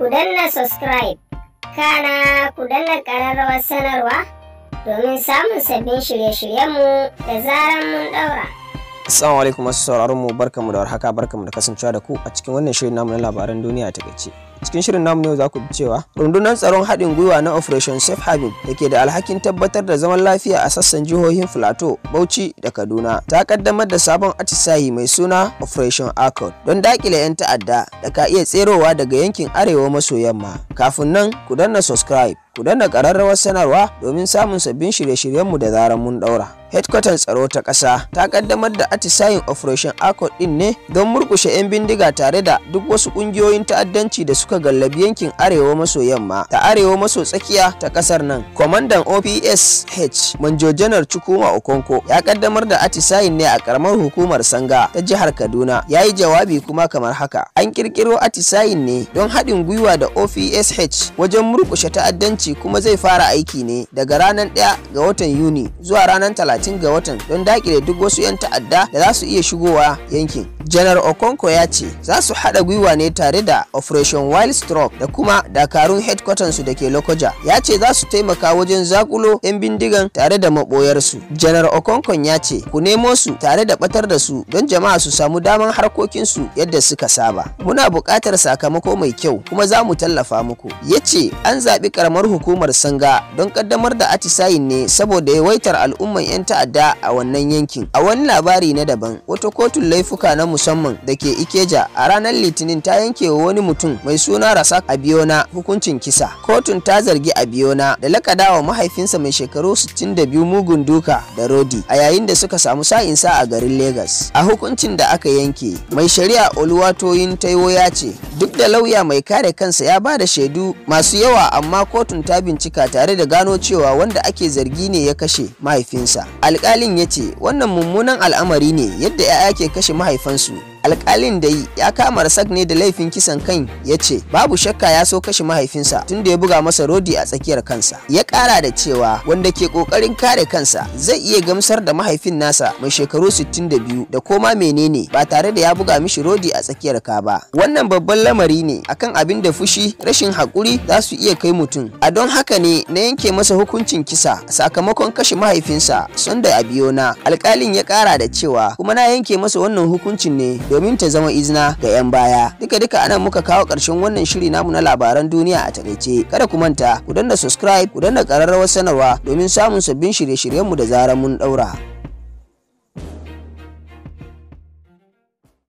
ku danna subscribe kana ku danna ƙararrawar sanarwa domin samun sabbin shirye-shiryenmu da zarar mun ɗaura. Assalamu alaikum masu sauraron mu barkamu da warhaka barkamu da kasancewa da ku a cikin wannan shirin namu na labaran duniya ta gace. Cikin shirin namu yau za ku bi cewa rundunar tsaron haɗin gwiwa na Operation Safe Haven da ke da alhakin tabbatar da zaman lafiya a sassan jihohin Filato, Bauchi da Kaduna ta kaddamar da sabon atisayi mai suna Operation Accord don dakile 'yan ta'adda da ka iya tserowa daga yankin arewa maso yamma. Kafin nan ku danna subscribe. ku danna ƙararrawar sanarwa domin samun sabbin shirye-shiryenmu da zarar mun ɗaura. Headquarter tsaro ta ƙasa ta ƙaddamar da atisayin Operation Accord din ne don murkushe 'yan bindiga tare da duk wasu ƙungiyoyin ta'addanci da suka gallabi yankin Arewa maso yamma ta Arewa maso tsakiya ta ƙasar nan. Kwamandan OPSH Manjo Janar Chukuma Okonko ya ƙaddamar da atisayin ne a ƙaramar hukumar Sanga ta jihar Kaduna. Ya yi jawabi kuma kamar haka. An ƙirƙiro atisayin ne don haɗin gwiwa da ops-h wajen murkushe ta'addanci ce kuma zai fara aiki ne daga ranar 1 ga watan Yuni zuwa ranar 30 ga watan don dakile duk wasu 'yan ta'adda da za su iya shigowa yankin. Janar Okonko ya ce za su haɗa gwiwa ne tare da Operation Wild Stroke da kuma dakarun headquarters su da ke Lokoja. Ya ce za su taimaka wajen zakulo 'yan bindigan tare da maɓoyarsu. Janar Okonkon ya ce ku nemo su tare da ɓatar da su don jama'a su samu daman harkokinsu yadda suka saba. Muna buƙatar sakamako mai kyau kuma za mu tallafa muku. Ya ce an zaɓi ƙaramar hukumar Sanga don kaddamar da atisayin ne saboda yawaitar al'umman 'yan ta'adda a wannan yankin. A wani labari na daban, wata kotun laifuka na musamman da ke Ikeja a ranar Litinin ta yanke wa wani mutum mai suna Rasak Abiona hukuncin kisa. Kotun ta zargi Abiona da wa mahaifinsa mai shekaru 62 mugun duka da rodi a yayin da suka samu sa'insa a garin Legas. A hukuncin da aka yanke, mai shari'a Oluwatoyin Taiwo ya ce, duk da lauya mai kare kansa ya ba da shaidu masu yawa amma kotun kotun ta bincika tare da gano cewa wanda ake zargi ne ya kashe mahaifinsa alkalin ya ce wannan mummunan al'amari ne yadda 'ya'ya ke kashe mahaifansu alkalin da yi ya kama rasak ne da laifin kisan kan ya ce babu shakka ya so kashe mahaifinsa tun da ya buga masa rodi a tsakiyar kansa ya kara da cewa wanda ke kokarin kare kansa zai iya gamsar da mahaifin nasa mai shekaru 62 da koma menene ba tare da ya buga mishi rodi a tsakiyar ka ba wannan babban lamari ne akan abin da fushi rashin haƙuri za su iya kai mutum a don haka ne na yanke masa hukuncin kisa sakamakon kashe mahaifinsa sunday abiyona alkalin ya kara da cewa kuma na yanke masa wannan hukuncin ne domin ta zama izina ga 'yan baya. Duka duka anan muka kawo ƙarshen wannan shiri namu na labaran duniya a takaice. Kada ku manta ku danna subscribe ku danna ƙararrawar sanarwa domin samun sabbin shirye-shiryenmu da zarar mun ɗaura.